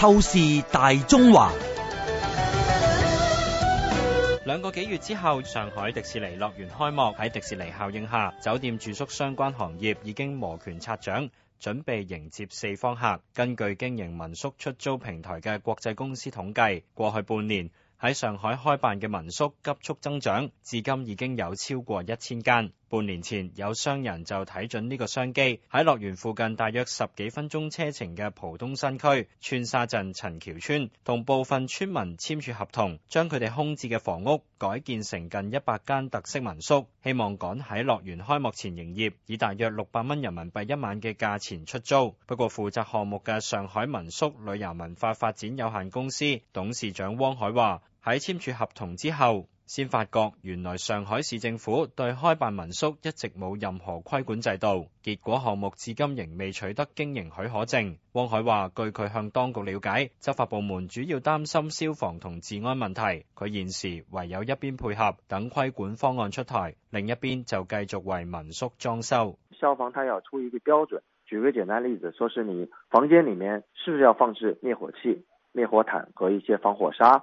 透視大中華。兩個幾月之後，上海迪士尼樂園開幕。喺迪士尼效應下，酒店住宿相關行業已經摩拳擦掌，準備迎接四方客。根據經營民宿出租平台嘅國際公司統計，過去半年喺上海開辦嘅民宿急速增長，至今已經有超過一千間。半年前，有商人就睇準呢個商機。喺樂園附近大約十幾分鐘車程嘅浦東新區川沙鎮陳橋村，同部分村民簽署合同，將佢哋空置嘅房屋改建成近一百間特色民宿，希望趕喺樂園開幕前營業，以大約六百蚊人民幣一晚嘅價錢出租。不過負責項目嘅上海民宿旅遊文化發展有限公司董事長汪凱話：喺簽署合同之後，先發覺原來上海市政府對開辦民宿一直冇任何規管制度，結果項目至今仍未取得經營許可證。汪凱話：據佢向當局了解，執法部門主要擔心消防同治安問題。佢現時唯有一邊配合等規管方案出台，另一邊就繼續為民宿裝修。消防他要出一個標準，舉個簡單例子，說是你房間裏面是不是要放置滅火器、滅火毯和一些防火沙？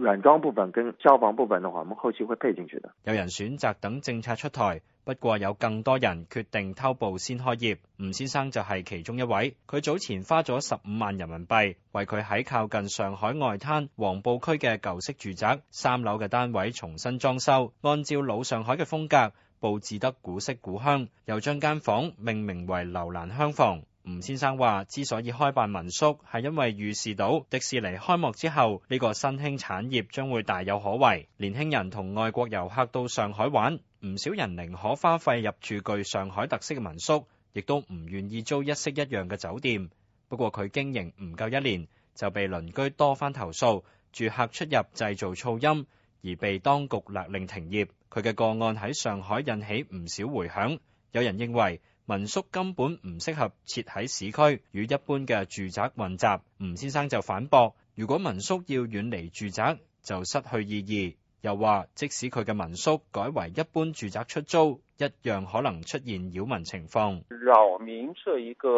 軟裝部分跟消防部分的話，我們後期會配進去的。有人選擇等政策出台，不過有更多人決定偷步先開業。吳先生就係其中一位，佢早前花咗十五萬人民幣，為佢喺靠近上海外灘黃浦區嘅舊式住宅三樓嘅單位重新裝修，按照老上海嘅風格佈置得古色古香，又將間房命名為樓蘭香房。吳先生話，之所以開辦民宿，係因為預示到迪士尼開幕之後，呢個新興產業將會大有可為。年輕人同外國遊客到上海玩，唔少人寧可花費入住具上海特色嘅民宿，亦都唔願意租一式一樣嘅酒店。不過佢經營唔夠一年，就被鄰居多番投訴，住客出入製造噪音，而被當局勒令停業。佢嘅個案喺上海引起唔少迴響，有人認為，民宿根本唔適合設喺市區，與一般嘅住宅混雜。吳先生就反駁，如果民宿要遠離住宅，就失去意義。又話，即使佢嘅民宿改為一般住宅出租，一樣可能出現擾民情況。擾民這一個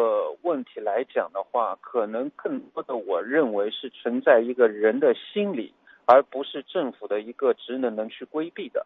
問題來講的話，可能更多的我認為是存在一個人的心理，而不是政府的一個職能能去規避的。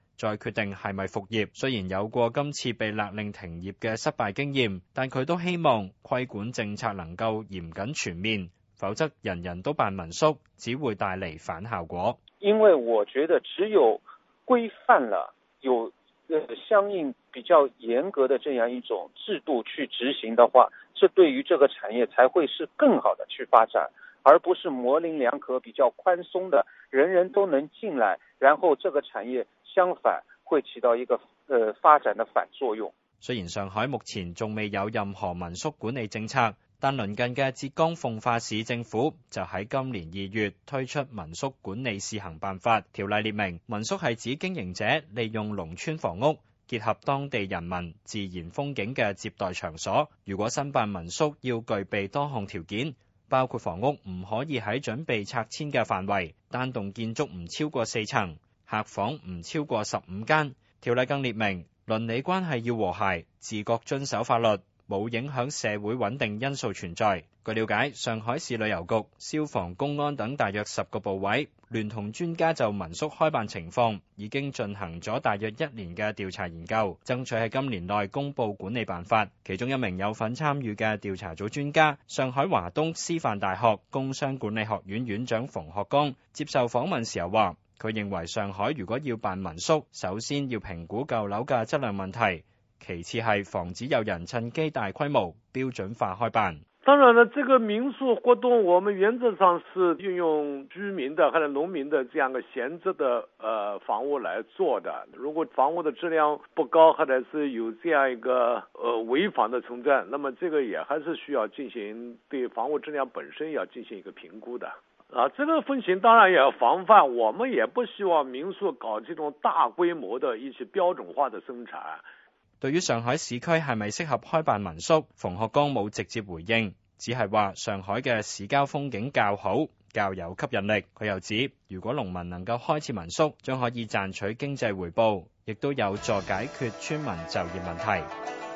再決定係咪復業，雖然有過今次被勒令停業嘅失敗經驗，但佢都希望規管政策能夠嚴謹全面，否則人人都辦民宿，只會帶嚟反效果。因為我覺得只有規範了，有呃相應比較嚴格的這樣一種制度去執行的話，這對於這個產業，才會是更好的去發展，而不是模棱兩可、比較寬鬆的，人人都能進來，然後這個產業。相反，會起到一個呃發展的反作用。雖然上海目前仲未有任何民宿管理政策，但鄰近嘅浙江奉化市政府就喺今年二月推出民宿管理試行辦法，條例列明民宿係指經營者利用農村房屋結合當地人民自然風景嘅接待場所。如果申辦民宿，要具備多項條件，包括房屋唔可以喺準備拆遷嘅範圍，單棟建築唔超過四層。客房唔超過十五間。條例更列明，鄰里關係要和諧，自覺遵守法律，冇影響社會穩定因素存在。據瞭解，上海市旅遊局、消防、公安等大約十個部委聯同專家就民宿開辦情況已經進行咗大約一年嘅調查研究，爭取喺今年內公佈管理辦法。其中一名有份參與嘅調查組專家，上海華東師範大學工商管理學院院長馮學工接受訪問時又話。佢認為上海如果要辦民宿，首先要評估舊樓嘅質量問題，其次係防止有人趁機大規模標準化開辦。當然了，這個民宿活動，我們原則上是運用居民的或者農民的這樣個閒置的呃房屋來做的。如果房屋的質量不高，或者是有這樣一個呃違法的存在，那麼這個也還是需要進行對房屋質量本身要進行一個評估的。啊，這個風險當然也要防範，我們也不希望民宿搞這種大規模的一些標準化的生產。對於上海市區係咪適合開辦民宿，馮學剛冇直接回應，只係話上海嘅市郊風景較好，較有吸引力。佢又指，如果農民能夠開設民宿，將可以賺取經濟回報，亦都有助解決村民就業問題。